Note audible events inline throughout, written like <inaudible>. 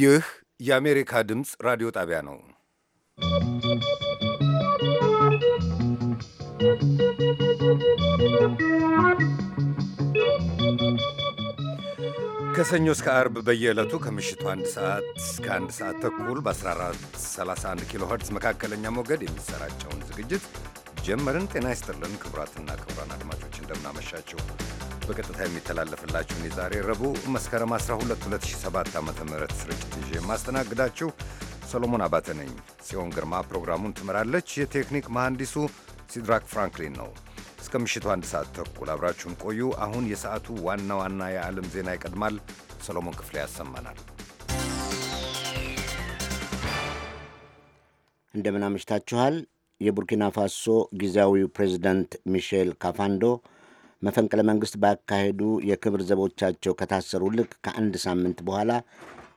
ይህ የአሜሪካ ድምፅ ራዲዮ ጣቢያ ነው። ከሰኞ እስከ አርብ በየዕለቱ ከምሽቱ አንድ ሰዓት እስከ አንድ ሰዓት ተኩል በ1431 ኪሎ ኸርትዝ መካከለኛ ሞገድ የሚሰራጨውን ዝግጅት ጀመርን። ጤና ይስጥልን ክቡራትና ክቡራን አድማጮች እንደምናመሻቸው በቀጥታ የሚተላለፍላችሁን የዛሬ ረቡዕ መስከረም 12 2007 ዓ ም ስርጭት ይዤ የማስተናግዳችሁ ሰሎሞን አባተ ነኝ። ጽዮን ግርማ ፕሮግራሙን ትመራለች። የቴክኒክ መሐንዲሱ ሲድራክ ፍራንክሊን ነው። እስከ ምሽቱ አንድ ሰዓት ተኩል አብራችሁን ቆዩ። አሁን የሰዓቱ ዋና ዋና የዓለም ዜና ይቀድማል። ሰሎሞን ክፍሌ ያሰማናል። እንደምን አምሽታችኋል። የቡርኪና ፋሶ ጊዜያዊው ፕሬዚዳንት ሚሼል ካፋንዶ መፈንቅለ መንግስት ባካሄዱ የክብር ዘቦቻቸው ከታሰሩ ልክ ከአንድ ሳምንት በኋላ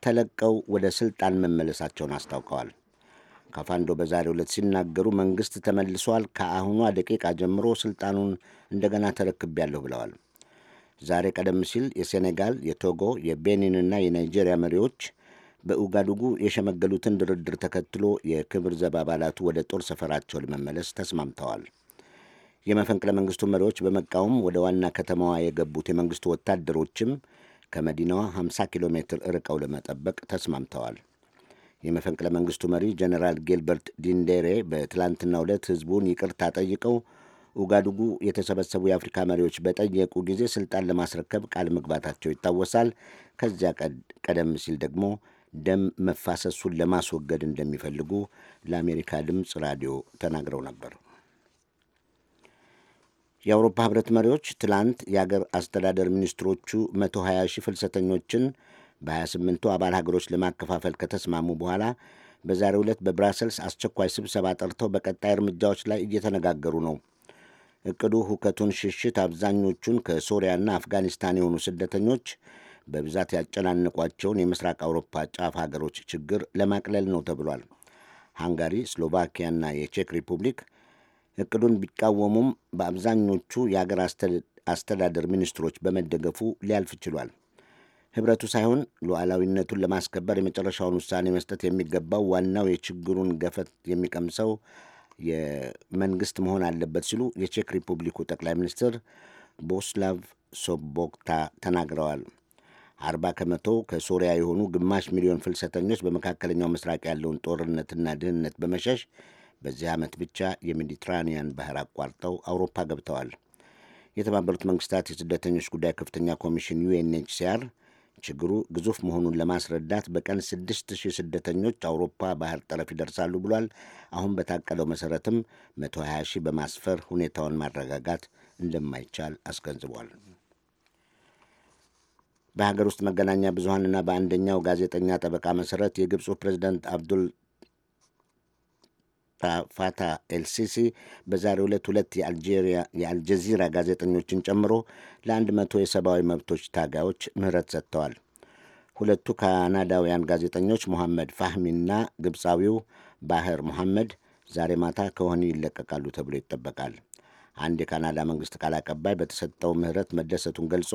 ተለቀው ወደ ስልጣን መመለሳቸውን አስታውቀዋል። ካፋንዶ በዛሬ ዕለት ሲናገሩ መንግስት ተመልሷል፣ ከአሁኗ ደቂቃ ጀምሮ ስልጣኑን እንደገና ተረክቤያለሁ ብለዋል። ዛሬ ቀደም ሲል የሴኔጋል፣ የቶጎ፣ የቤኒንና የናይጄሪያ መሪዎች በኡጋዱጉ የሸመገሉትን ድርድር ተከትሎ የክብር ዘብ አባላቱ ወደ ጦር ሰፈራቸው ለመመለስ ተስማምተዋል። የመፈንቅለ መንግስቱ መሪዎች በመቃወም ወደ ዋና ከተማዋ የገቡት የመንግስቱ ወታደሮችም ከመዲናዋ 50 ኪሎ ሜትር ርቀው ለመጠበቅ ተስማምተዋል። የመፈንቅለ መንግስቱ መሪ ጀኔራል ጊልበርት ዲንዴሬ በትላንትናው ዕለት ህዝቡን ይቅርታ ጠይቀው ኡጋዱጉ የተሰበሰቡ የአፍሪካ መሪዎች በጠየቁ ጊዜ ስልጣን ለማስረከብ ቃል መግባታቸው ይታወሳል። ከዚያ ቀደም ሲል ደግሞ ደም መፋሰሱን ለማስወገድ እንደሚፈልጉ ለአሜሪካ ድምፅ ራዲዮ ተናግረው ነበር። የአውሮፓ ህብረት መሪዎች ትላንት የአገር አስተዳደር ሚኒስትሮቹ 120 ሺህ ፍልሰተኞችን በ28ቱ አባል ሀገሮች ለማከፋፈል ከተስማሙ በኋላ በዛሬው ዕለት በብራሰልስ አስቸኳይ ስብሰባ ጠርተው በቀጣይ እርምጃዎች ላይ እየተነጋገሩ ነው። እቅዱ ሁከቱን ሽሽት አብዛኞቹን ከሶሪያና አፍጋኒስታን የሆኑ ስደተኞች በብዛት ያጨናነቋቸውን የምስራቅ አውሮፓ ጫፍ ሀገሮች ችግር ለማቅለል ነው ተብሏል። ሃንጋሪ፣ ስሎቫኪያና የቼክ ሪፑብሊክ እቅዱን ቢቃወሙም በአብዛኞቹ የአገር አስተዳደር ሚኒስትሮች በመደገፉ ሊያልፍ ችሏል። ህብረቱ ሳይሆን ሉዓላዊነቱን ለማስከበር የመጨረሻውን ውሳኔ መስጠት የሚገባው ዋናው የችግሩን ገፈት የሚቀምሰው የመንግስት መሆን አለበት ሲሉ የቼክ ሪፑብሊኩ ጠቅላይ ሚኒስትር ቦስላቭ ሶቦክታ ተናግረዋል። አርባ ከመቶ ከሶሪያ የሆኑ ግማሽ ሚሊዮን ፍልሰተኞች በመካከለኛው ምስራቅ ያለውን ጦርነትና ድህነት በመሸሽ በዚህ ዓመት ብቻ የሜዲትራኒያን ባህር አቋርጠው አውሮፓ ገብተዋል። የተባበሩት መንግስታት የስደተኞች ጉዳይ ከፍተኛ ኮሚሽን ዩኤንኤችሲአር ችግሩ ግዙፍ መሆኑን ለማስረዳት በቀን ስድስት ሺህ ስደተኞች አውሮፓ ባህር ጠረፍ ይደርሳሉ ብሏል። አሁን በታቀደው መሠረትም መቶ ሀያ ሺህ በማስፈር ሁኔታውን ማረጋጋት እንደማይቻል አስገንዝቧል። በሀገር ውስጥ መገናኛ ብዙሀንና በአንደኛው ጋዜጠኛ ጠበቃ መሠረት የግብፁ ፕሬዚደንት አብዱል ፋታ ኤልሲሲ በዛሬ ዕለት ሁለት የአልጀዚራ ጋዜጠኞችን ጨምሮ ለአንድ መቶ የሰብአዊ መብቶች ታጋዮች ምህረት ሰጥተዋል። ሁለቱ ካናዳውያን ጋዜጠኞች ሞሐመድ ፋህሚና ግብፃዊው ባህር ሞሐመድ ዛሬ ማታ ከሆኒ ይለቀቃሉ ተብሎ ይጠበቃል። አንድ የካናዳ መንግስት ቃል አቀባይ በተሰጠው ምህረት መደሰቱን ገልጾ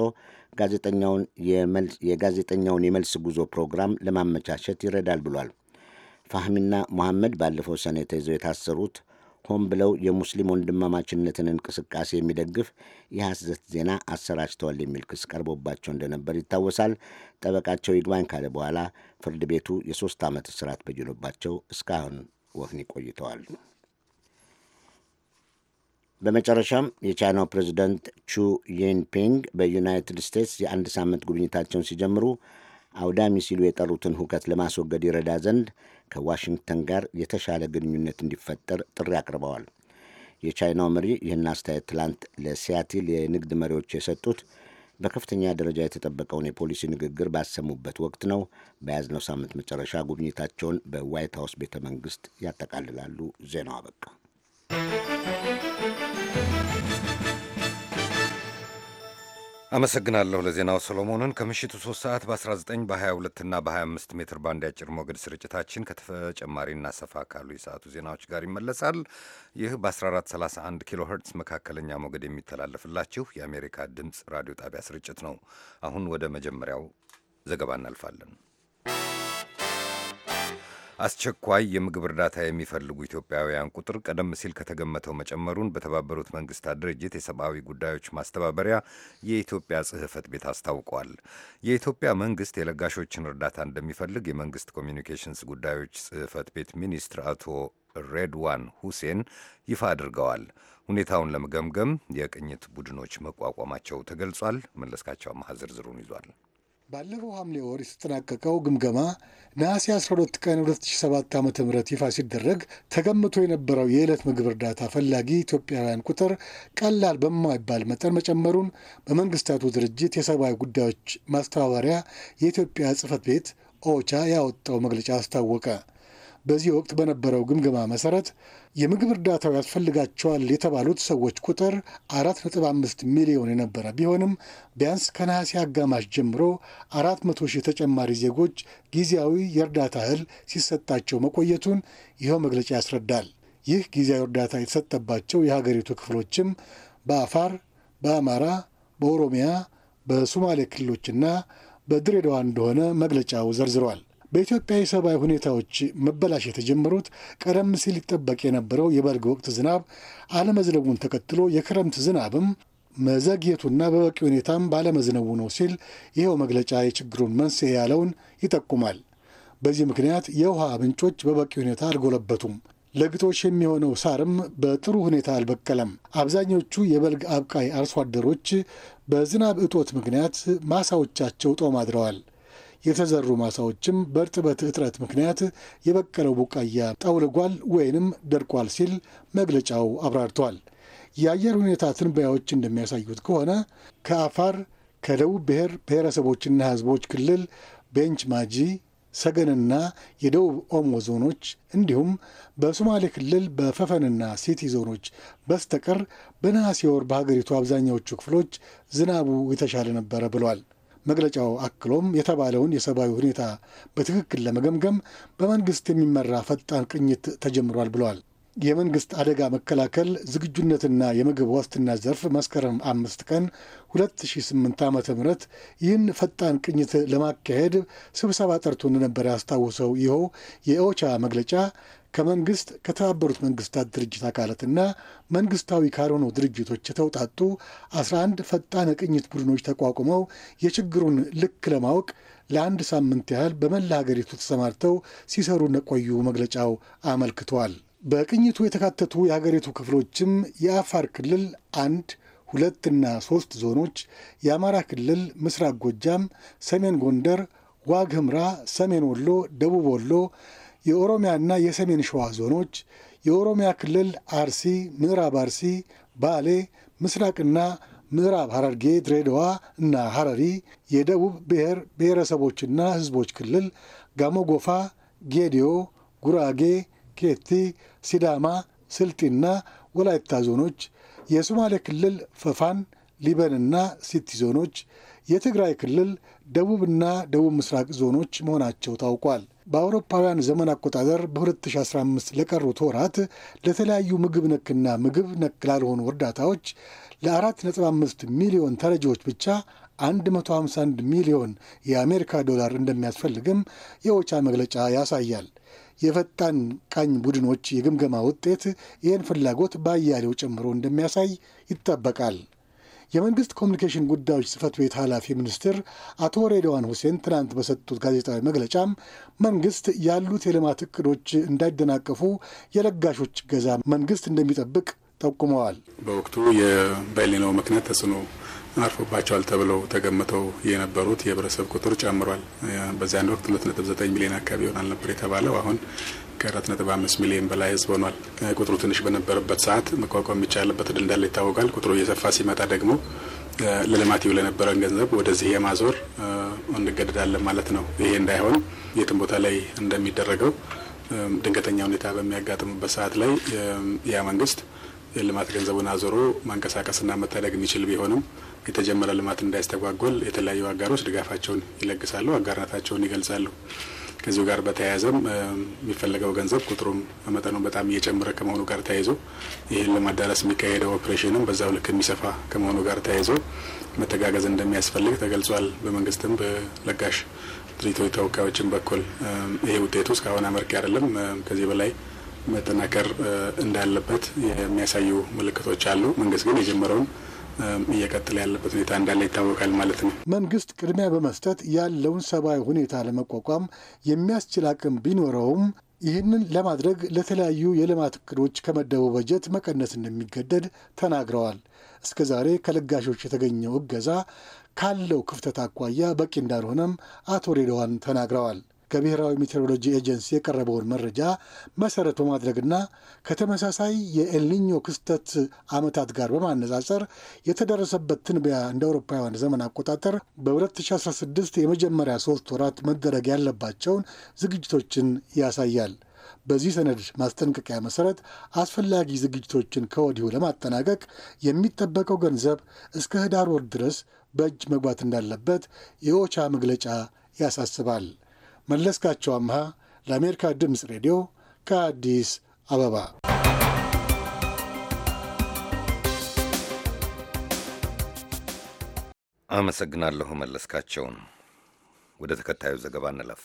ጋዜጠኛውን የጋዜጠኛውን የመልስ ጉዞ ፕሮግራም ለማመቻቸት ይረዳል ብሏል። ፋህሚና መሐመድ ባለፈው ሰኔ ተይዘው የታሰሩት ሆን ብለው የሙስሊም ወንድማማችነትን እንቅስቃሴ የሚደግፍ የሐሰት ዜና አሰራጭተዋል የሚል ክስ ቀርቦባቸው እንደነበር ይታወሳል። ጠበቃቸው ይግባኝ ካለ በኋላ ፍርድ ቤቱ የሦስት ዓመት እስራት በጅኖባቸው እስካሁን ወህኒ ቆይተዋል። በመጨረሻም የቻይናው ፕሬዚደንት ቹ ጂንፒንግ በዩናይትድ ስቴትስ የአንድ ሳምንት ጉብኝታቸውን ሲጀምሩ አውዳሚ ሲሉ የጠሩትን ሁከት ለማስወገድ ይረዳ ዘንድ ከዋሽንግተን ጋር የተሻለ ግንኙነት እንዲፈጠር ጥሪ አቅርበዋል። የቻይናው መሪ ይህን አስተያየት ትላንት ለሲያቲል የንግድ መሪዎች የሰጡት በከፍተኛ ደረጃ የተጠበቀውን የፖሊሲ ንግግር ባሰሙበት ወቅት ነው። በያዝነው ሳምንት መጨረሻ ጉብኝታቸውን በዋይት ሀውስ ቤተ መንግስት ያጠቃልላሉ። ዜናው አበቃ። አመሰግናለሁ ለዜናው ሰሎሞንን። ከምሽቱ 3 ሰዓት በ19 በ22 እና በ25 ሜትር ባንድ ያጭር ሞገድ ስርጭታችን ከተጨማሪና ሰፋ ካሉ የሰዓቱ ዜናዎች ጋር ይመለሳል። ይህ በ1431 ኪሎ ሄርትስ መካከለኛ ሞገድ የሚተላለፍላችሁ የአሜሪካ ድምፅ ራዲዮ ጣቢያ ስርጭት ነው። አሁን ወደ መጀመሪያው ዘገባ እናልፋለን። አስቸኳይ የምግብ እርዳታ የሚፈልጉ ኢትዮጵያውያን ቁጥር ቀደም ሲል ከተገመተው መጨመሩን በተባበሩት መንግስታት ድርጅት የሰብአዊ ጉዳዮች ማስተባበሪያ የኢትዮጵያ ጽህፈት ቤት አስታውቋል። የኢትዮጵያ መንግስት የለጋሾችን እርዳታ እንደሚፈልግ የመንግስት ኮሚኒኬሽንስ ጉዳዮች ጽህፈት ቤት ሚኒስትር አቶ ሬድዋን ሁሴን ይፋ አድርገዋል። ሁኔታውን ለመገምገም የቅኝት ቡድኖች መቋቋማቸው ተገልጿል። መለስካቸው አማሃ ዝርዝሩን ይዟል። ባለፈው ሐምሌ ወር የተጠናቀቀው ግምገማ ነሐሴ 12 ቀን 2007 ዓ ም ይፋ ሲደረግ ተገምቶ የነበረው የዕለት ምግብ እርዳታ ፈላጊ ኢትዮጵያውያን ቁጥር ቀላል በማይባል መጠን መጨመሩን በመንግስታቱ ድርጅት የሰብአዊ ጉዳዮች ማስተባበሪያ የኢትዮጵያ ጽህፈት ቤት ኦቻ ያወጣው መግለጫ አስታወቀ። በዚህ ወቅት በነበረው ግምገማ መሠረት። የምግብ እርዳታው ያስፈልጋቸዋል የተባሉት ሰዎች ቁጥር 4.5 ሚሊዮን የነበረ ቢሆንም ቢያንስ ከነሐሴ አጋማሽ ጀምሮ 400 መቶ ሺህ ተጨማሪ ዜጎች ጊዜያዊ የእርዳታ እህል ሲሰጣቸው መቆየቱን ይኸው መግለጫ ያስረዳል። ይህ ጊዜያዊ እርዳታ የተሰጠባቸው የሀገሪቱ ክፍሎችም በአፋር፣ በአማራ፣ በኦሮሚያ፣ በሶማሌ ክልሎችና በድሬዳዋ እንደሆነ መግለጫው ዘርዝሯል። በኢትዮጵያ የሰብአዊ ሁኔታዎች መበላሽ የተጀመሩት ቀደም ሲል ይጠበቅ የነበረው የበልግ ወቅት ዝናብ አለመዝነቡን ተከትሎ የክረምት ዝናብም መዘግየቱና በበቂ ሁኔታም ባለመዝነቡ ነው ሲል ይኸው መግለጫ የችግሩን መንስኤ ያለውን ይጠቁማል። በዚህ ምክንያት የውሃ ምንጮች በበቂ ሁኔታ አልጎለበቱም። ለግጦሽ የሚሆነው ሳርም በጥሩ ሁኔታ አልበቀለም። አብዛኞቹ የበልግ አብቃይ አርሶ አደሮች በዝናብ እጦት ምክንያት ማሳዎቻቸው ጦም አድረዋል። የተዘሩ ማሳዎችም በእርጥበት እጥረት ምክንያት የበቀለው ቡቃያ ጠውልጓል ወይንም ደርቋል ሲል መግለጫው አብራርቷል። የአየር ሁኔታ ትንበያዎች እንደሚያሳዩት ከሆነ ከአፋር ከደቡብ ብሔር ብሔረሰቦችና ሕዝቦች ክልል ቤንች ማጂ ሰገንና የደቡብ ኦሞ ዞኖች እንዲሁም በሶማሌ ክልል በፈፈንና ሲቲ ዞኖች በስተቀር በነሐሴ ወር በሀገሪቱ አብዛኛዎቹ ክፍሎች ዝናቡ የተሻለ ነበረ ብሏል። መግለጫው አክሎም የተባለውን የሰብአዊ ሁኔታ በትክክል ለመገምገም በመንግስት የሚመራ ፈጣን ቅኝት ተጀምሯል ብለዋል። የመንግስት አደጋ መከላከል ዝግጁነትና የምግብ ዋስትና ዘርፍ መስከረም አምስት ቀን 2008 ዓ ም ይህን ፈጣን ቅኝት ለማካሄድ ስብሰባ ጠርቶ እንደነበረ ያስታውሰው ይኸው የኦቻ መግለጫ ከመንግስት ከተባበሩት መንግስታት ድርጅት አካላትና መንግስታዊ ካልሆኑ ድርጅቶች የተውጣጡ 11 ፈጣን ቅኝት ቡድኖች ተቋቁመው የችግሩን ልክ ለማወቅ ለአንድ ሳምንት ያህል በመላ ሀገሪቱ ተሰማርተው ሲሰሩ እንደቆዩ መግለጫው አመልክቷል። በቅኝቱ የተካተቱ የሀገሪቱ ክፍሎችም የአፋር ክልል አንድ ሁለትና ሶስት ዞኖች፣ የአማራ ክልል ምስራቅ ጎጃም፣ ሰሜን ጎንደር፣ ዋግ ህምራ፣ ሰሜን ወሎ፣ ደቡብ ወሎ የኦሮሚያና የሰሜን ሸዋ ዞኖች፣ የኦሮሚያ ክልል አርሲ፣ ምዕራብ አርሲ፣ ባሌ፣ ምስራቅና ምዕራብ ሐረርጌ፣ ድሬዳዋ እና ሐረሪ፣ የደቡብ ብሔር ብሔረሰቦችና ሕዝቦች ክልል ጋሞጎፋ፣ ጌዲዮ፣ ጉራጌ፣ ኬቲ፣ ሲዳማ፣ ስልጢና ወላይታ ዞኖች፣ የሶማሌ ክልል ፈፋን፣ ሊበንና ሲቲ ዞኖች፣ የትግራይ ክልል ደቡብና ደቡብ ምስራቅ ዞኖች መሆናቸው ታውቋል። በአውሮፓውያን ዘመን አቆጣጠር በ2015 ለቀሩት ወራት ለተለያዩ ምግብ ነክና ምግብ ነክ ላልሆኑ እርዳታዎች ለ4.5 ሚሊዮን ተረጂዎች ብቻ 151 ሚሊዮን የአሜሪካ ዶላር እንደሚያስፈልግም የኦቻ መግለጫ ያሳያል። የፈጣን ቃኝ ቡድኖች የግምገማ ውጤት ይህን ፍላጎት በአያሌው ጨምሮ እንደሚያሳይ ይጠበቃል። የመንግስት ኮሚኒኬሽን ጉዳዮች ጽህፈት ቤት ኃላፊ ሚኒስትር አቶ ሬድዋን ሁሴን ትናንት በሰጡት ጋዜጣዊ መግለጫም መንግስት ያሉት የልማት እቅዶች እንዳይደናቀፉ የለጋሾች ገዛ መንግስት እንደሚጠብቅ ጠቁመዋል። በወቅቱ የበሌናው ምክንያት ተጽዕኖ አርፎባቸዋል ተብለው ተገምተው የነበሩት የህብረተሰብ ቁጥር ጨምሯል። በዚያን ወቅት 2.9 ሚሊዮን አካባቢ ይሆናል ነበር የተባለው አሁን ከ4.5 ሚሊዮን በላይ ህዝብ ሆኗል። ቁጥሩ ትንሽ በነበረበት ሰዓት መቋቋም የሚቻልበት እድል እንዳለ ይታወቃል። ቁጥሩ እየሰፋ ሲመጣ ደግሞ ለልማት ይውል የነበረን ገንዘብ ወደዚህ የማዞር እንገደዳለን ማለት ነው። ይሄ እንዳይሆን የትም ቦታ ላይ እንደሚደረገው ድንገተኛ ሁኔታ በሚያጋጥሙበት ሰዓት ላይ ያ መንግስት የልማት ገንዘቡን አዞሮ ማንቀሳቀስና መታደግ የሚችል ቢሆንም የተጀመረ ልማት እንዳይስተጓጎል የተለያዩ አጋሮች ድጋፋቸውን ይለግሳሉ፣ አጋርነታቸውን ይገልጻሉ። ከዚሁ ጋር በተያያዘም የሚፈለገው ገንዘብ ቁጥሩም መጠኑ በጣም እየጨመረ ከመሆኑ ጋር ተያይዞ ይህን ለማዳረስ የሚካሄደው ኦፕሬሽንም በዛው ልክ የሚሰፋ ከመሆኑ ጋር ተያይዞ መተጋገዝ እንደሚያስፈልግ ተገልጿል። በመንግስትም በለጋሽ ድርጅቶች ተወካዮችን በኩል ይሄ ውጤቱ እስካሁን አመርቂ አይደለም፣ ከዚህ በላይ መጠናከር እንዳለበት የሚያሳዩ ምልክቶች አሉ። መንግስት ግን የጀመረውን እየቀጠለ ያለበት ሁኔታ እንዳለ ይታወቃል ማለት ነው። መንግስት ቅድሚያ በመስጠት ያለውን ሰብአዊ ሁኔታ ለመቋቋም የሚያስችል አቅም ቢኖረውም ይህንን ለማድረግ ለተለያዩ የልማት እቅዶች ከመደቡ በጀት መቀነስ እንደሚገደድ ተናግረዋል። እስከ ዛሬ ከለጋሾች የተገኘው እገዛ ካለው ክፍተት አኳያ በቂ እንዳልሆነም አቶ ሬድዋን ተናግረዋል። ከብሔራዊ ሜትሮሎጂ ኤጀንሲ የቀረበውን መረጃ መሰረት በማድረግና ከተመሳሳይ የኤልኒኞ ክስተት ዓመታት ጋር በማነጻጸር የተደረሰበት ትንበያ እንደ አውሮፓውያን ዘመን አቆጣጠር በ2016 የመጀመሪያ ሶስት ወራት መደረግ ያለባቸውን ዝግጅቶችን ያሳያል። በዚህ ሰነድ ማስጠንቀቂያ መሰረት አስፈላጊ ዝግጅቶችን ከወዲሁ ለማጠናቀቅ የሚጠበቀው ገንዘብ እስከ ህዳር ወር ድረስ በእጅ መግባት እንዳለበት የኦቻ መግለጫ ያሳስባል። መለስካቸው አምሃ ለአሜሪካ ድምፅ ሬዲዮ ከአዲስ አበባ አመሰግናለሁ መለስካቸውን። ወደ ተከታዩ ዘገባ እንለፍ።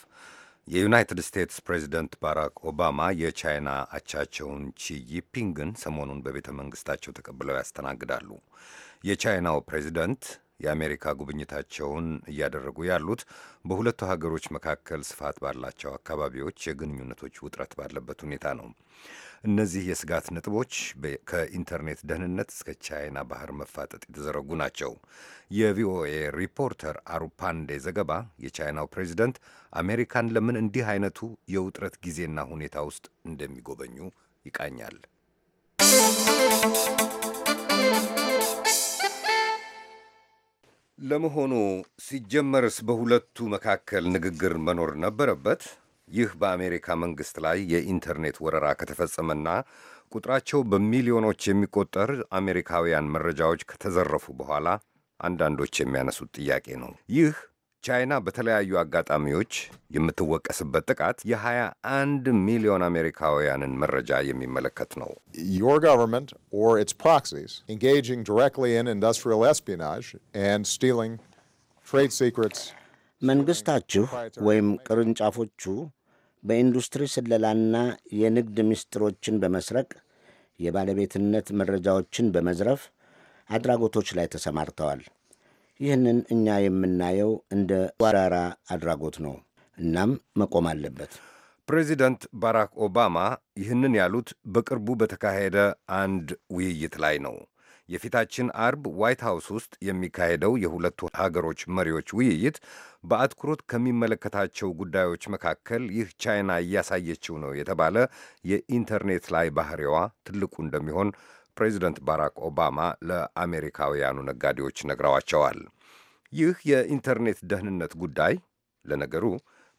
የዩናይትድ ስቴትስ ፕሬዚደንት ባራክ ኦባማ የቻይና አቻቸውን ቺይፒንግን ሰሞኑን በቤተ መንግሥታቸው ተቀብለው ያስተናግዳሉ። የቻይናው ፕሬዚደንት የአሜሪካ ጉብኝታቸውን እያደረጉ ያሉት በሁለቱ ሀገሮች መካከል ስፋት ባላቸው አካባቢዎች የግንኙነቶች ውጥረት ባለበት ሁኔታ ነው። እነዚህ የስጋት ነጥቦች ከኢንተርኔት ደህንነት እስከ ቻይና ባህር መፋጠጥ የተዘረጉ ናቸው። የቪኦኤ ሪፖርተር አሩፓንዴ ዘገባ የቻይናው ፕሬዚደንት አሜሪካን ለምን እንዲህ አይነቱ የውጥረት ጊዜና ሁኔታ ውስጥ እንደሚጎበኙ ይቃኛል። ለመሆኑ ሲጀመርስ በሁለቱ መካከል ንግግር መኖር ነበረበት? ይህ በአሜሪካ መንግሥት ላይ የኢንተርኔት ወረራ ከተፈጸመና ቁጥራቸው በሚሊዮኖች የሚቆጠር አሜሪካውያን መረጃዎች ከተዘረፉ በኋላ አንዳንዶች የሚያነሱት ጥያቄ ነው። ይህ ቻይና በተለያዩ አጋጣሚዎች የምትወቀስበት ጥቃት የ21 ሚሊዮን አሜሪካውያንን መረጃ የሚመለከት ነው። Your government or its proxies መንግሥታችሁ ወይም ቅርንጫፎቹ በኢንዱስትሪ ስለላና የንግድ ምስጢሮችን በመስረቅ የባለቤትነት መረጃዎችን በመዝረፍ አድራጎቶች ላይ ተሰማርተዋል። ይህንን እኛ የምናየው እንደ ወራራ አድራጎት ነው። እናም መቆም አለበት። ፕሬዚደንት ባራክ ኦባማ ይህንን ያሉት በቅርቡ በተካሄደ አንድ ውይይት ላይ ነው። የፊታችን አርብ ዋይት ሃውስ ውስጥ የሚካሄደው የሁለቱ ሀገሮች መሪዎች ውይይት በአትኩሮት ከሚመለከታቸው ጉዳዮች መካከል ይህ ቻይና እያሳየችው ነው የተባለ የኢንተርኔት ላይ ባህሪዋ ትልቁ እንደሚሆን ፕሬዚደንት ባራክ ኦባማ ለአሜሪካውያኑ ነጋዴዎች ነግረዋቸዋል። ይህ የኢንተርኔት ደህንነት ጉዳይ ለነገሩ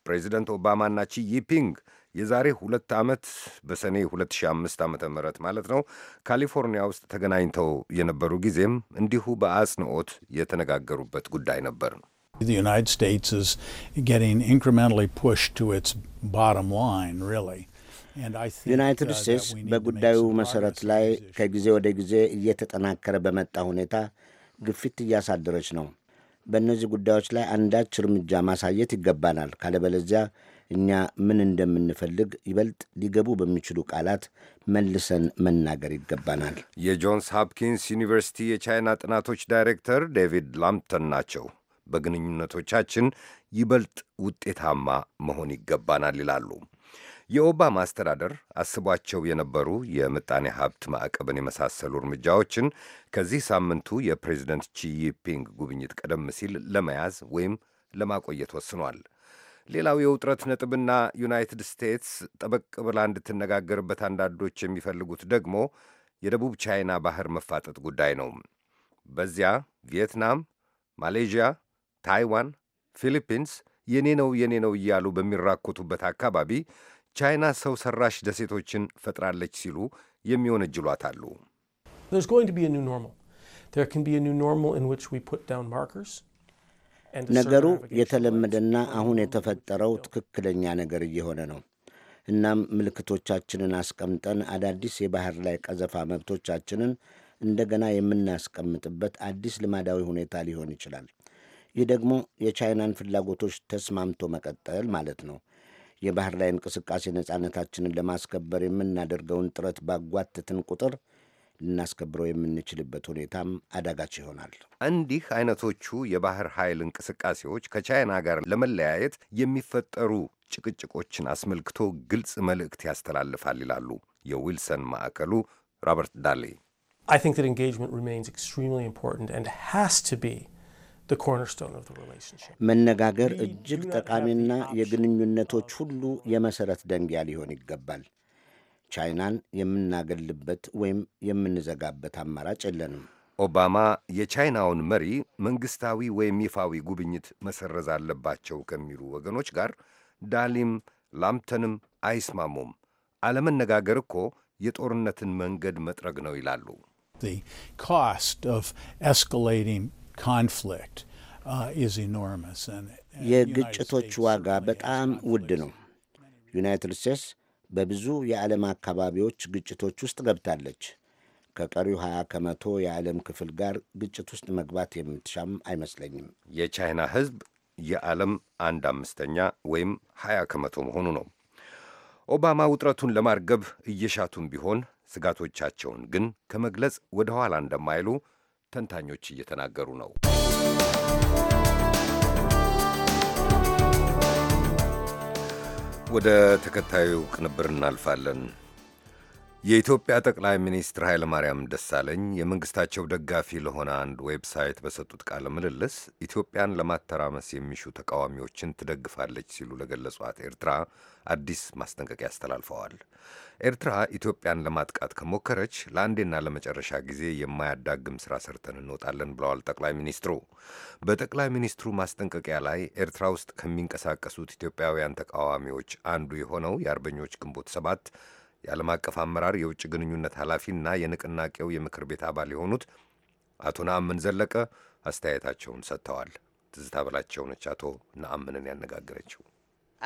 ፕሬዚደንት ኦባማና ቺ ጂንፒንግ የዛሬ ሁለት ዓመት በሰኔ 2005 ዓ ም ማለት ነው ካሊፎርኒያ ውስጥ ተገናኝተው የነበሩ ጊዜም እንዲሁ በአጽንኦት የተነጋገሩበት ጉዳይ ነበር። line, really. ዩናይትድ uh, ስቴትስ በጉዳዩ መሠረት ላይ ከጊዜ ወደ ጊዜ እየተጠናከረ በመጣ ሁኔታ ግፊት እያሳደረች ነው። በእነዚህ ጉዳዮች ላይ አንዳች እርምጃ ማሳየት ይገባናል። ካለበለዚያ እኛ ምን እንደምንፈልግ ይበልጥ ሊገቡ በሚችሉ ቃላት መልሰን መናገር ይገባናል። የጆንስ ሃፕኪንስ ዩኒቨርሲቲ የቻይና ጥናቶች ዳይሬክተር ዴቪድ ላምፕተን ናቸው። በግንኙነቶቻችን ይበልጥ ውጤታማ መሆን ይገባናል ይላሉ። የኦባማ አስተዳደር አስቧቸው የነበሩ የምጣኔ ሀብት ማዕቀብን የመሳሰሉ እርምጃዎችን ከዚህ ሳምንቱ የፕሬዚደንት ቺይፒንግ ጉብኝት ቀደም ሲል ለመያዝ ወይም ለማቆየት ወስኗል። ሌላው የውጥረት ነጥብና ዩናይትድ ስቴትስ ጠበቅ ብላ እንድትነጋገርበት አንዳንዶች የሚፈልጉት ደግሞ የደቡብ ቻይና ባህር መፋጠጥ ጉዳይ ነው። በዚያ ቪየትናም፣ ማሌዥያ፣ ታይዋን፣ ፊሊፒንስ የኔ ነው የኔ ነው እያሉ በሚራኮቱበት አካባቢ ቻይና ሰው ሰራሽ ደሴቶችን ፈጥራለች ሲሉ የሚወነጅሏት አሉ። ነገሩ የተለመደና አሁን የተፈጠረው ትክክለኛ ነገር እየሆነ ነው። እናም ምልክቶቻችንን አስቀምጠን አዳዲስ የባህር ላይ ቀዘፋ መብቶቻችንን እንደገና የምናስቀምጥበት አዲስ ልማዳዊ ሁኔታ ሊሆን ይችላል። ይህ ደግሞ የቻይናን ፍላጎቶች ተስማምቶ መቀጠል ማለት ነው። የባህር ላይ እንቅስቃሴ ነጻነታችንን ለማስከበር የምናደርገውን ጥረት ባጓተትን ቁጥር ልናስከብረው የምንችልበት ሁኔታም አዳጋች ይሆናል። እንዲህ አይነቶቹ የባህር ኃይል እንቅስቃሴዎች ከቻይና ጋር ለመለያየት የሚፈጠሩ ጭቅጭቆችን አስመልክቶ ግልጽ መልእክት ያስተላልፋል ይላሉ የዊልሰን ማዕከሉ ሮበርት ዳሌ። I think that engagement remains extremely important and has to be መነጋገር እጅግ ጠቃሚና የግንኙነቶች ሁሉ የመሠረት ደንጊያ ሊሆን ይገባል። ቻይናን የምናገልበት ወይም የምንዘጋበት አማራጭ የለንም። ኦባማ የቻይናውን መሪ መንግሥታዊ ወይም ይፋዊ ጉብኝት መሰረዝ አለባቸው ከሚሉ ወገኖች ጋር ዳሊም ላምተንም አይስማሙም። አለመነጋገር እኮ የጦርነትን መንገድ መጥረግ ነው ይላሉ። Uh, የግጭቶች ዋጋ በጣም ውድ ነው። ዩናይትድ ስቴትስ በብዙ የዓለም አካባቢዎች ግጭቶች ውስጥ ገብታለች። ከቀሪው 20 ከመቶ የዓለም ክፍል ጋር ግጭት ውስጥ መግባት የምትሻም አይመስለኝም። የቻይና ሕዝብ የዓለም አንድ አምስተኛ ወይም 20 ከመቶ መሆኑ ነው። ኦባማ ውጥረቱን ለማርገብ እየሻቱም ቢሆን ስጋቶቻቸውን ግን ከመግለጽ ወደ ኋላ እንደማይሉ ተንታኞች እየተናገሩ ነው። ወደ ተከታዩ ቅንብር እናልፋለን። የኢትዮጵያ ጠቅላይ ሚኒስትር ኃይለ ማርያም ደሳለኝ የመንግስታቸው ደጋፊ ለሆነ አንድ ዌብሳይት በሰጡት ቃለ ምልልስ ኢትዮጵያን ለማተራመስ የሚሹ ተቃዋሚዎችን ትደግፋለች ሲሉ ለገለጿት ኤርትራ አዲስ ማስጠንቀቂያ አስተላልፈዋል። ኤርትራ ኢትዮጵያን ለማጥቃት ከሞከረች ለአንዴና ለመጨረሻ ጊዜ የማያዳግም ስራ ሰርተን እንወጣለን ብለዋል ጠቅላይ ሚኒስትሩ። በጠቅላይ ሚኒስትሩ ማስጠንቀቂያ ላይ ኤርትራ ውስጥ ከሚንቀሳቀሱት ኢትዮጵያውያን ተቃዋሚዎች አንዱ የሆነው የአርበኞች ግንቦት ሰባት የዓለም አቀፍ አመራር የውጭ ግንኙነት ኃላፊና የንቅናቄው የምክር ቤት አባል የሆኑት አቶ ነአምን ዘለቀ አስተያየታቸውን ሰጥተዋል። ትዝታ በላቸው ነች አቶ ነአምንን ያነጋገረችው።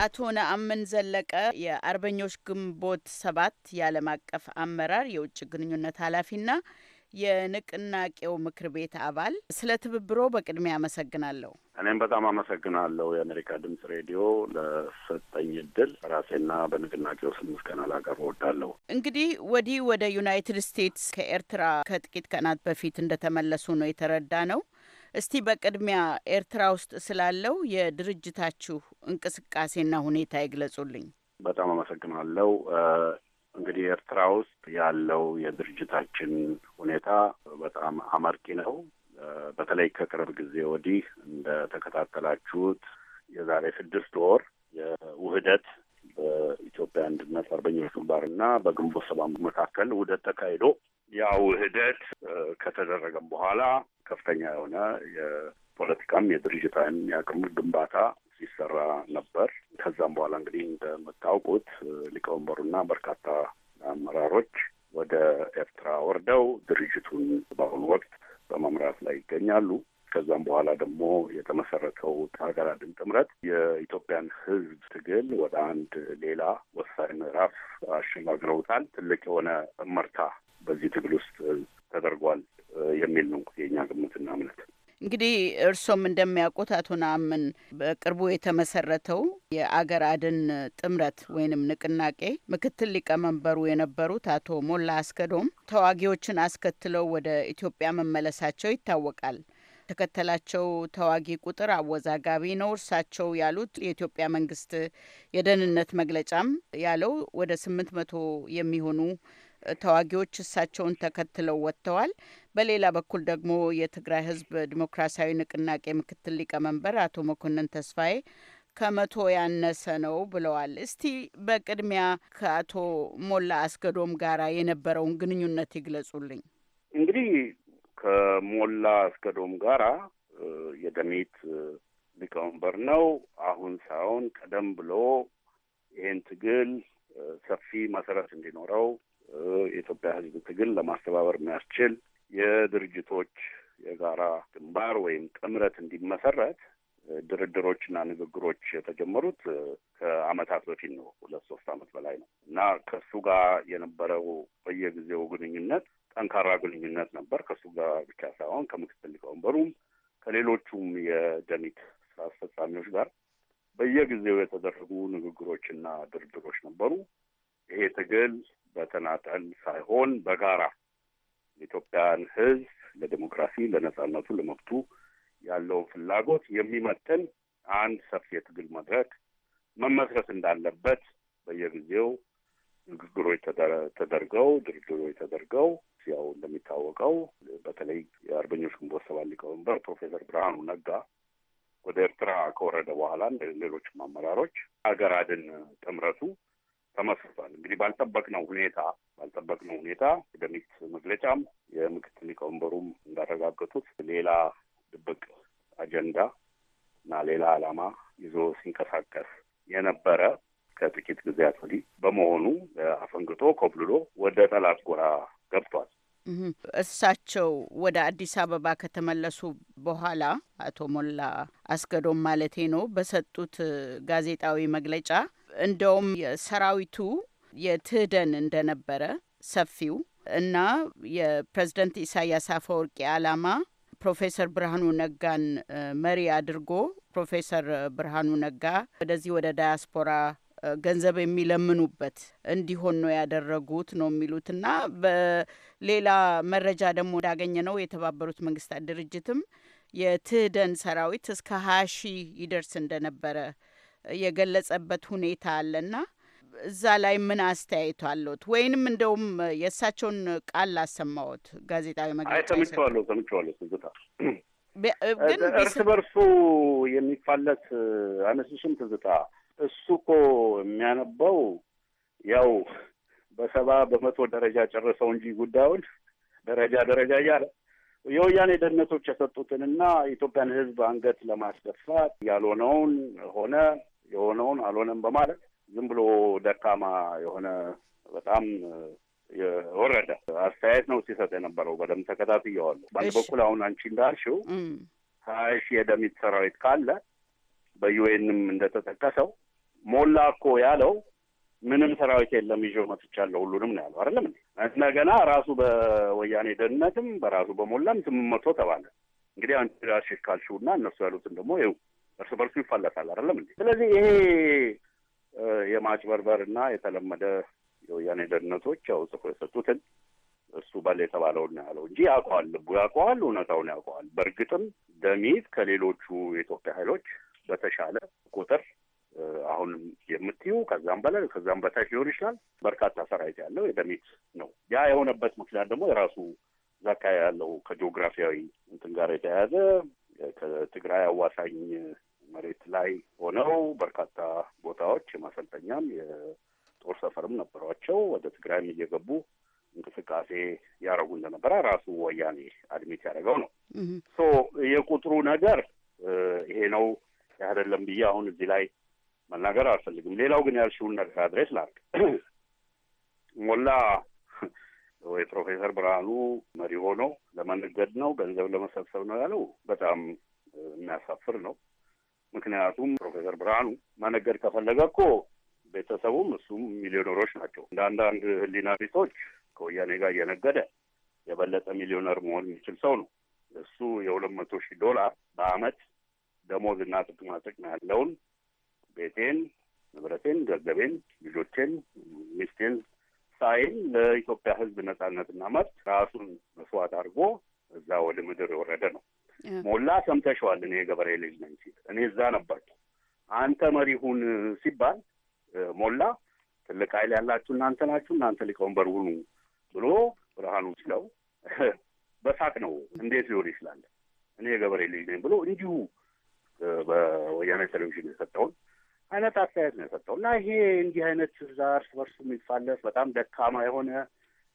አቶ ነአምን ዘለቀ የአርበኞች ግንቦት ሰባት የዓለም አቀፍ አመራር የውጭ ግንኙነት ኃላፊና የንቅናቄው ምክር ቤት አባል፣ ስለ ትብብሮ በቅድሚያ አመሰግናለሁ። እኔም በጣም አመሰግናለሁ የአሜሪካ ድምጽ ሬዲዮ ለሰጠኝ እድል በራሴና በንቅናቄው ስም ምስጋና ላቀርብ እወዳለሁ። እንግዲህ ወዲህ ወደ ዩናይትድ ስቴትስ ከኤርትራ ከጥቂት ቀናት በፊት እንደተመለሱ ነው የተረዳ ነው። እስቲ በቅድሚያ ኤርትራ ውስጥ ስላለው የድርጅታችሁ እንቅስቃሴና ሁኔታ ይግለጹልኝ። በጣም አመሰግናለሁ። እንግዲህ ኤርትራ ውስጥ ያለው የድርጅታችን ሁኔታ በጣም አመርቂ ነው። በተለይ ከቅርብ ጊዜ ወዲህ እንደተከታተላችሁት የዛሬ ስድስት ወር የውህደት በኢትዮጵያ አንድነት አርበኞች ግንባር እና በግንቦት ሰባት መካከል ውህደት ተካሂዶ ያ ውህደት ከተደረገም በኋላ ከፍተኛ የሆነ የፖለቲካም የድርጅታም የአቅም ግንባታ ሲሰራ ነበር። ከዛም በኋላ እንግዲህ እንደምታውቁት ሊቀወንበሩና በርካታ አመራሮች ወደ ኤርትራ ወርደው ድርጅቱን በአሁኑ ወቅት በመምራት ላይ ይገኛሉ። ከዛም በኋላ ደግሞ የተመሰረተው ሀገር አድን ጥምረት የኢትዮጵያን ሕዝብ ትግል ወደ አንድ ሌላ ወሳኝ ምዕራፍ አሸጋግረውታል። ትልቅ የሆነ እመርታ በዚህ ትግል ውስጥ ተደርጓል የሚል ነው የእኛ ግምትና እምነት። እንግዲህ እርሶም እንደሚያውቁት አቶ ነአምን በቅርቡ የተመሰረተው የአገር አድን ጥምረት ወይንም ንቅናቄ ምክትል ሊቀመንበሩ የነበሩት አቶ ሞላ አስከዶም ተዋጊዎችን አስከትለው ወደ ኢትዮጵያ መመለሳቸው ይታወቃል። ተከተላቸው ተዋጊ ቁጥር አወዛጋቢ ነው። እርሳቸው ያሉት የኢትዮጵያ መንግስት የደህንነት መግለጫም ያለው ወደ ስምንት መቶ የሚሆኑ ተዋጊዎች እሳቸውን ተከትለው ወጥተዋል። በሌላ በኩል ደግሞ የትግራይ ህዝብ ዲሞክራሲያዊ ንቅናቄ ምክትል ሊቀመንበር አቶ መኮንን ተስፋዬ ከመቶ ያነሰ ነው ብለዋል። እስቲ በቅድሚያ ከአቶ ሞላ አስገዶም ጋራ የነበረውን ግንኙነት ይግለጹልኝ። እንግዲህ ከሞላ አስገዶም ጋራ የደሚት ሊቀመንበር ነው። አሁን ሳይሆን ቀደም ብሎ ይህን ትግል ሰፊ መሰረት እንዲኖረው የኢትዮጵያ ሕዝብ ትግል ለማስተባበር የሚያስችል የድርጅቶች የጋራ ግንባር ወይም ጥምረት እንዲመሰረት ድርድሮችና ንግግሮች የተጀመሩት ከአመታት በፊት ነው። ሁለት ሶስት ዓመት በላይ ነው እና ከሱ ጋር የነበረው በየጊዜው ግንኙነት ጠንካራ ግንኙነት ነበር። ከሱ ጋር ብቻ ሳይሆን ከምክትል ሊቀመንበሩም ከሌሎቹም የደሚት ስራ አስፈጻሚዎች ጋር በየጊዜው የተደረጉ ንግግሮችና ድርድሮች ነበሩ። ይሄ ትግል በተናጠል ሳይሆን በጋራ የኢትዮጵያን ሕዝብ ለዲሞክራሲ፣ ለነጻነቱ፣ ለመብቱ ያለውን ፍላጎት የሚመጥን አንድ ሰፊ የትግል መድረክ መመስረት እንዳለበት በየጊዜው ንግግሮች ተደርገው ድርድሮች ተደርገው ያው እንደሚታወቀው በተለይ የአርበኞች ግንቦት ሰባት ሊቀመንበር ፕሮፌሰር ብርሃኑ ነጋ ወደ ኤርትራ ከወረደ በኋላ ሌሎችም አመራሮች ሀገር አድን ጥምረቱ ተመስርቷል። እንግዲህ ባልጠበቅነው ሁኔታ ባልጠበቅነው ሁኔታ ቀደሚት መግለጫም የምክትል ሊቀመንበሩም እንዳረጋገጡት ሌላ ድብቅ አጀንዳ እና ሌላ ዓላማ ይዞ ሲንቀሳቀስ የነበረ ከጥቂት ጊዜያት ወዲህ በመሆኑ አፈንግጦ ኮብልሎ ወደ ጠላት ጎራ ገብቷል። እሳቸው ወደ አዲስ አበባ ከተመለሱ በኋላ አቶ ሞላ አስገዶም ማለቴ ነው በሰጡት ጋዜጣዊ መግለጫ እንደውም የሰራዊቱ የትህደን እንደነበረ ሰፊው እና የፕሬዝደንት ኢሳያስ አፈወርቂ አላማ ፕሮፌሰር ብርሃኑ ነጋን መሪ አድርጎ ፕሮፌሰር ብርሃኑ ነጋ ወደዚህ ወደ ዳያስፖራ ገንዘብ የሚለምኑበት እንዲሆን ነው ያደረጉት ነው የሚሉት እና በሌላ መረጃ ደግሞ እንዳገኘ ነው የተባበሩት መንግስታት ድርጅትም የትህደን ሰራዊት እስከ ሀያ ሺህ ይደርስ እንደነበረ የገለጸበት ሁኔታ አለና እዛ ላይ ምን አስተያየቱ አለት? ወይንም እንደውም የእሳቸውን ቃል ላሰማዎት። ጋዜጣዊ መግለጫ ሰምቼዋለሁ፣ ሰምቼዋለሁ ትዝታ ግን እርስ በርሱ የሚፋለት አይመስልሽም ትዝታ? እሱ እኮ የሚያነበው ያው በሰባ በመቶ ደረጃ ጨርሰው እንጂ ጉዳዩን ደረጃ ደረጃ እያለ የወያኔ ደህንነቶች የሰጡትንና ኢትዮጵያን ሕዝብ አንገት ለማስደፋት ያልሆነውን ሆነ የሆነውን አልሆነም በማለት ዝም ብሎ ደካማ የሆነ በጣም የወረደ አስተያየት ነው ሲሰጥ የነበረው። በደንብ ተከታትየዋለሁ። በአንድ በኩል አሁን አንቺ እንዳልሽው ሀያ ሺህ የደሚት ሰራዊት ካለ በዩኤንም እንደተጠቀሰው ሞላ እኮ ያለው ምንም ሰራዊት የለም ይዤው መጥቻለሁ ሁሉንም ነው ያለው አይደለም። እንደገና ራሱ በወያኔ ደህንነትም በራሱ በሞላም ስምንት መቶ ተባለ። እንግዲህ አንቺ ራስሽ ካልሽው እና እነሱ ያሉትን ደግሞ ይኸው እርስ በርሱ ይፋለሳል አይደለም እንዴ? ስለዚህ ይሄ የማጭበርበር እና የተለመደ የወያኔ ደህንነቶች ያው ጽፎ የሰጡትን እሱ በል የተባለውን ያለው እንጂ ያውቀዋል፣ ልቡ ያውቀዋል፣ እውነታውን ያውቀዋል። በእርግጥም ደሚት ከሌሎቹ የኢትዮጵያ ኃይሎች በተሻለ ቁጥር አሁንም የምትዩ ከዛም በላይ ከዛም በታች ሊሆን ይችላል በርካታ ሰራዊት ያለው የደሚት ነው። ያ የሆነበት ምክንያት ደግሞ የራሱ ዛካ ያለው ከጂኦግራፊያዊ እንትን ጋር የተያያዘ ከትግራይ አዋሳኝ መሬት ላይ ሆነው በርካታ ቦታዎች የማሰልጠኛም የጦር ሰፈርም ነበሯቸው። ወደ ትግራይም እየገቡ እንቅስቃሴ ያደረጉ እንደነበረ ራሱ ወያኔ አድሚት ያደረገው ነው። ሶ የቁጥሩ ነገር ይሄ ነው አይደለም ብዬ አሁን እዚህ ላይ መናገር አልፈልግም። ሌላው ግን ያልሽውን ነገር አድሬስ ላድርግ። <clears throat> ሞላ ወይ ፕሮፌሰር ብርሃኑ መሪ ሆኖ ለመነገድ ነው ገንዘብ ለመሰብሰብ ነው ያለው በጣም የሚያሳፍር ነው። ምክንያቱም ፕሮፌሰር ብርሃኑ መነገድ ከፈለገ እኮ ቤተሰቡም እሱም ሚሊዮነሮች ናቸው። እንደ አንዳንድ ህሊና ቢሶች ከወያኔ ጋር እየነገደ የበለጠ ሚሊዮነር መሆን የሚችል ሰው ነው። እሱ የሁለት መቶ ሺህ ዶላር በአመት ደሞዝና ጥቅማ ጥቅም ያለውን ቤቴን፣ ንብረቴን፣ ገንዘቤን፣ ልጆቼን፣ ሚስቴን ሳይን ለኢትዮጵያ ህዝብ ነጻነትና መብት ራሱን መስዋዕት አድርጎ እዛ ወደ ምድር የወረደ ነው። ሞላ ሰምተሸዋል። እኔ የገበሬ ልጅ ነኝ ሲል እኔ እዛ ነበርኩ። አንተ መሪ ሁን ሲባል ሞላ ትልቅ ኃይል ያላችሁ እናንተ ናችሁ፣ እናንተ ሊቀመንበር ሁኑ ብሎ ብርሃኑ ሲለው በሳቅ ነው እንዴት ሊሆን ይችላል? እኔ የገበሬ ልጅ ነኝ ብሎ እንዲሁ በወያኔ ቴሌቪዥን የሰጠውን አይነት አስተያየት ነው የሰጠው እና ይሄ እንዲህ አይነት እዛ እርስ በርሱ የሚፋለስ በጣም ደካማ የሆነ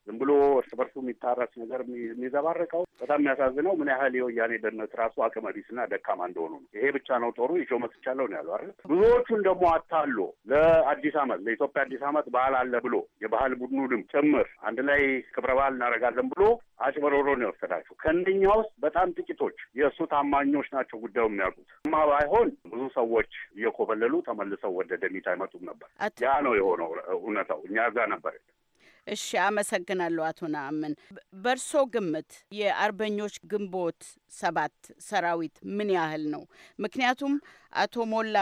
ዝም ብሎ እርስ በርሱ የሚታረስ ነገር የሚዘባረቀው በጣም የሚያሳዝነው ምን ያህል የወያኔ ደነት ራሱ አቅመቢስና ደካማ እንደሆኑ ነው። ይሄ ብቻ ነው ጦሩ ይዤው መጥቻለሁ ነው ያሉ አይደል። ብዙዎቹን ደግሞ አታሎ ለአዲስ ዓመት ለኢትዮጵያ አዲስ ዓመት በዓል አለ ብሎ የባህል ቡድኑ ድም ጭምር አንድ ላይ ክብረ በዓል እናደርጋለን ብሎ አጭበሮሮ ነው የወሰዳቸው። ከእነኛ ውስጥ በጣም ጥቂቶች የእሱ ታማኞች ናቸው ጉዳዩ የሚያውቁት። እማ ባይሆን ብዙ ሰዎች እየኮበለሉ ተመልሰው ወደ ደሚት አይመጡም ነበር። ያ ነው የሆነው እውነታው። እኛ እዛ ነበር እሺ፣ አመሰግናለሁ አቶ ነአምን። በእርሶ ግምት የአርበኞች ግንቦት ሰባት ሰራዊት ምን ያህል ነው? ምክንያቱም አቶ ሞላ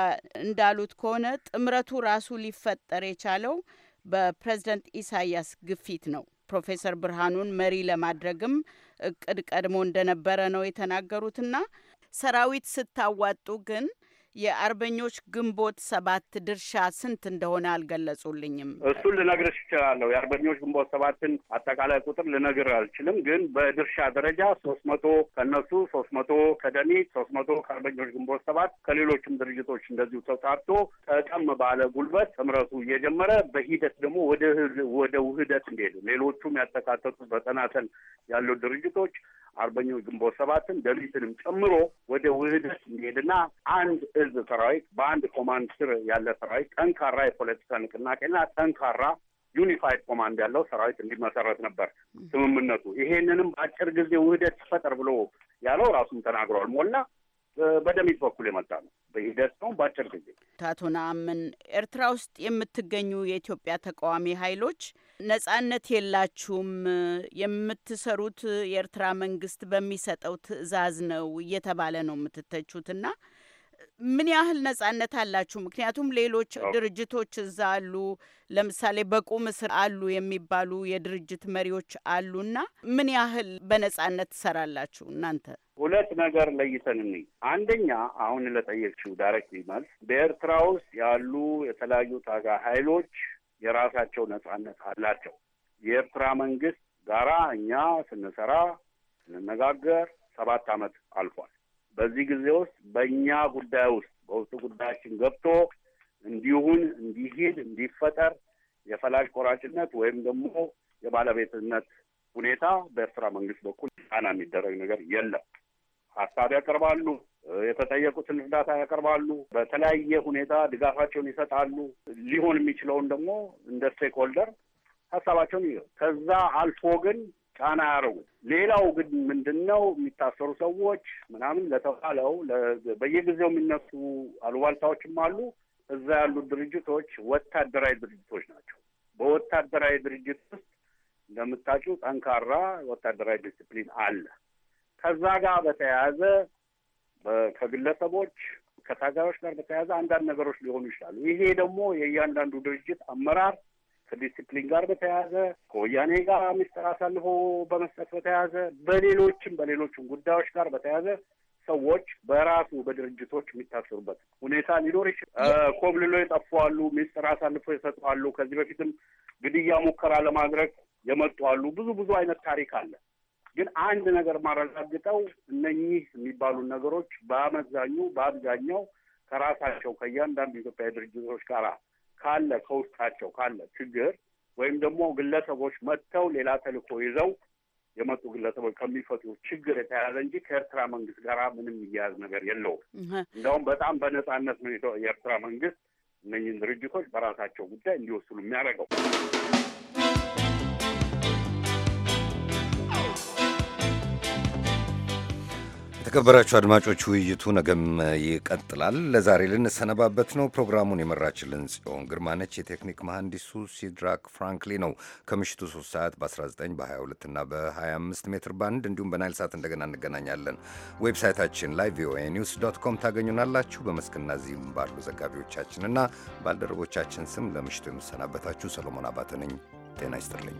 እንዳሉት ከሆነ ጥምረቱ ራሱ ሊፈጠር የቻለው በፕሬዝደንት ኢሳያስ ግፊት ነው። ፕሮፌሰር ብርሃኑን መሪ ለማድረግም እቅድ ቀድሞ እንደነበረ ነው የተናገሩትና ሰራዊት ስታዋጡ ግን የአርበኞች ግንቦት ሰባት ድርሻ ስንት እንደሆነ አልገለጹልኝም። እሱን ልነግርሽ እችላለሁ። የአርበኞች ግንቦት ሰባትን አጠቃላይ ቁጥር ልነግር አልችልም፣ ግን በድርሻ ደረጃ ሶስት መቶ ከእነሱ ሶስት መቶ ከደኒ ሶስት መቶ ከአርበኞች ግንቦት ሰባት ከሌሎችም ድርጅቶች እንደዚሁ ተውጣቶ ጠቀም ባለ ጉልበት ጥምረቱ እየጀመረ በሂደት ደግሞ ወደ ወደ ውህደት እንዲሄዱ ሌሎቹም ያተካተቱ በጠናተን ያሉት ድርጅቶች አርበኞች ግንቦት ሰባትን ደሊትንም ጨምሮ ወደ ውህደት እንዲሄድና አንድ የህዝብ ሰራዊት በአንድ ኮማንድ ስር ያለ ሰራዊት ጠንካራ የፖለቲካ ንቅናቄና ጠንካራ ዩኒፋይድ ኮማንድ ያለው ሰራዊት እንዲመሰረት ነበር ስምምነቱ። ይሄንንም በአጭር ጊዜ ውህደት ፈጠር ብሎ ያለው ራሱም ተናግሯል ሞላ በደሚት በኩል የመጣ ነው። በሂደት ነው፣ በአጭር ጊዜ። አቶ ነአምን፣ ኤርትራ ውስጥ የምትገኙ የኢትዮጵያ ተቃዋሚ ኃይሎች ነጻነት የላችሁም፣ የምትሰሩት የኤርትራ መንግስት በሚሰጠው ትዕዛዝ ነው እየተባለ ነው የምትተቹትና ምን ያህል ነጻነት አላችሁ? ምክንያቱም ሌሎች ድርጅቶች እዛ አሉ። ለምሳሌ በቁም እስር አሉ የሚባሉ የድርጅት መሪዎች አሉና ምን ያህል በነጻነት ትሰራላችሁ እናንተ? ሁለት ነገር ለይተን እንይ። አንደኛ አሁን ለጠየቅሽው ዳይሬክት መልስ በኤርትራ ውስጥ ያሉ የተለያዩ ታጋ ኃይሎች የራሳቸው ነጻነት አላቸው። የኤርትራ መንግስት ጋራ እኛ ስንሰራ ስንነጋገር ሰባት አመት አልፏል። በዚህ ጊዜ ውስጥ በእኛ ጉዳይ ውስጥ በውስጥ ጉዳያችን ገብቶ እንዲሁን እንዲሂድ እንዲፈጠር የፈላጅ ቆራጭነት ወይም ደግሞ የባለቤትነት ሁኔታ በኤርትራ መንግስት በኩል ጫና የሚደረግ ነገር የለም። ሀሳብ ያቀርባሉ፣ የተጠየቁትን እርዳታ ያቀርባሉ፣ በተለያየ ሁኔታ ድጋፋቸውን ይሰጣሉ። ሊሆን የሚችለውን ደግሞ እንደ ስቴክሆልደር ሀሳባቸውን ከዛ አልፎ ግን ጫና ያደርጉ። ሌላው ግን ምንድን ነው የሚታሰሩ ሰዎች ምናምን ለተባለው በየጊዜው የሚነሱ አሉባልታዎችም አሉ። እዛ ያሉት ድርጅቶች ወታደራዊ ድርጅቶች ናቸው። በወታደራዊ ድርጅት ውስጥ እንደምታውቂው ጠንካራ ወታደራዊ ዲስፕሊን አለ። ከዛ ጋር በተያያዘ ከግለሰቦች ከታጋዮች ጋር በተያያዘ አንዳንድ ነገሮች ሊሆኑ ይችላሉ። ይሄ ደግሞ የእያንዳንዱ ድርጅት አመራር ከዲስፕሊን ጋር በተያያዘ ከወያኔ ጋር ምስጢር አሳልፎ በመስጠት በተያያዘ በሌሎችም በሌሎችም ጉዳዮች ጋር በተያያዘ ሰዎች በራሱ በድርጅቶች የሚታሰሩበት ሁኔታ ሊኖር ይችላል። ኮብልሎ የጠፋዋሉ፣ ምስጢር አሳልፎ የሰጠዋሉ፣ ከዚህ በፊትም ግድያ ሙከራ ለማድረግ አሉ ብዙ ብዙ አይነት ታሪክ አለ። ግን አንድ ነገር ማረጋግጠው እነኚህ የሚባሉ ነገሮች በአመዛኙ በአብዛኛው ከራሳቸው ከእያንዳንዱ ኢትዮጵያ ድርጅቶች ጋር ካለ ከውስጣቸው ካለ ችግር ወይም ደግሞ ግለሰቦች መጥተው ሌላ ተልእኮ ይዘው የመጡ ግለሰቦች ከሚፈጥሩ ችግር የተያዘ እንጂ ከኤርትራ መንግስት ጋር ምንም የሚያያዝ ነገር የለውም። እንደውም በጣም በነፃነት ነው የኤርትራ መንግስት እነኝን ድርጅቶች በራሳቸው ጉዳይ እንዲወስኑ የሚያደርገው። የተከበራችሁ አድማጮች ውይይቱ ነገም ይቀጥላል። ለዛሬ ልንሰነባበት ነው። ፕሮግራሙን የመራችልን ጽዮን ግርማነች፣ የቴክኒክ መሐንዲሱ ሲድራክ ፍራንክሊ ነው። ከምሽቱ 3 ሰዓት በ19 በ22 እና በ25 ሜትር ባንድ እንዲሁም በናይል ሳት እንደገና እንገናኛለን። ዌብሳይታችን ላይ ቪኦኤ ኒውስ ዶት ኮም ታገኙናላችሁ። በመስክና እዚህም ባሉ ዘጋቢዎቻችንና ባልደረቦቻችን ስም ለምሽቱ የምሰናበታችሁ ሰሎሞን አባተ ነኝ። ጤና ይስጥልኝ።